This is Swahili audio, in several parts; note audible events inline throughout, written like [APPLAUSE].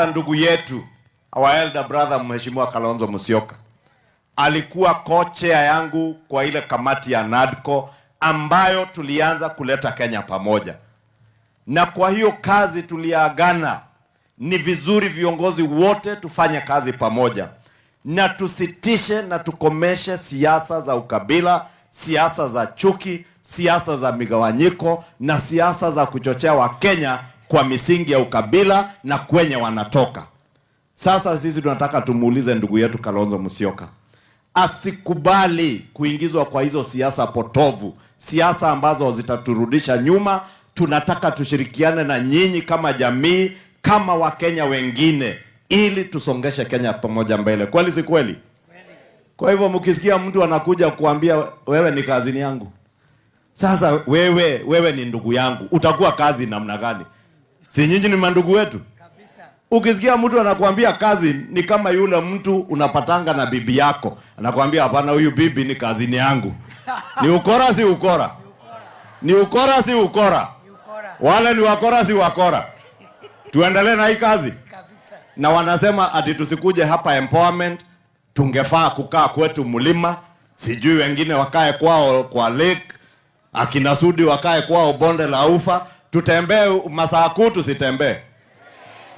hata ndugu yetu our elder brother Mheshimiwa Kalonzo Musyoka alikuwa kochea yangu kwa ile kamati ya NADCO ambayo tulianza kuleta Kenya pamoja, na kwa hiyo kazi tuliagana, ni vizuri viongozi wote tufanye kazi pamoja na tusitishe na tukomeshe siasa za ukabila, siasa za chuki, siasa za migawanyiko na siasa za kuchochea Wakenya kwa misingi ya ukabila na kwenye wanatoka. Sasa sisi tunataka tumuulize ndugu yetu Kalonzo Musyoka asikubali kuingizwa kwa hizo siasa potovu, siasa ambazo zitaturudisha nyuma. Tunataka tushirikiane na nyinyi kama jamii, kama Wakenya wengine, ili tusongeshe Kenya pamoja mbele. Kweli si kweli? Kwa hivyo mkisikia mtu anakuja kuambia wewe ni kazini yangu, sasa wewe wewe ni ndugu yangu, utakuwa kazi namna gani? Si nyinyi ni mandugu wetu? Ukisikia mtu anakuambia kazi ni kama yule mtu unapatanga na bibi yako anakuambia hapana, huyu bibi ni kazini yangu. [LAUGHS] Ni ukora, si ukora? Ni ukora, si ukora? Wale ni wakora, si wakora? [LAUGHS] Tuendelee na hii kazi kabisa. Na wanasema ati tusikuje hapa empowerment, tungefaa kukaa kwetu mlima, sijui wengine wakae kwao kwa lake, akina Sudi wakae kwao bonde la Ufa tutembee masaa kuu, tusitembee,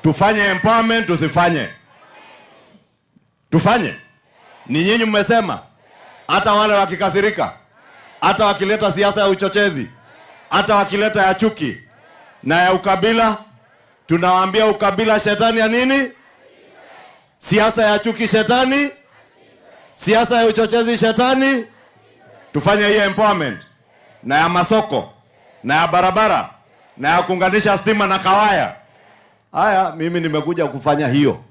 tufanye empowerment, tusifanye, tufanye. Ni nyinyi mmesema, hata wale wakikasirika, hata wakileta siasa ya uchochezi, hata wakileta ya chuki na ya ukabila, tunawaambia ukabila shetani ya nini, siasa ya chuki shetani, siasa ya uchochezi shetani. Tufanye hiyo empowerment na ya masoko na ya barabara na ya kuunganisha stima na kawaya. Haya, mimi nimekuja kufanya hiyo.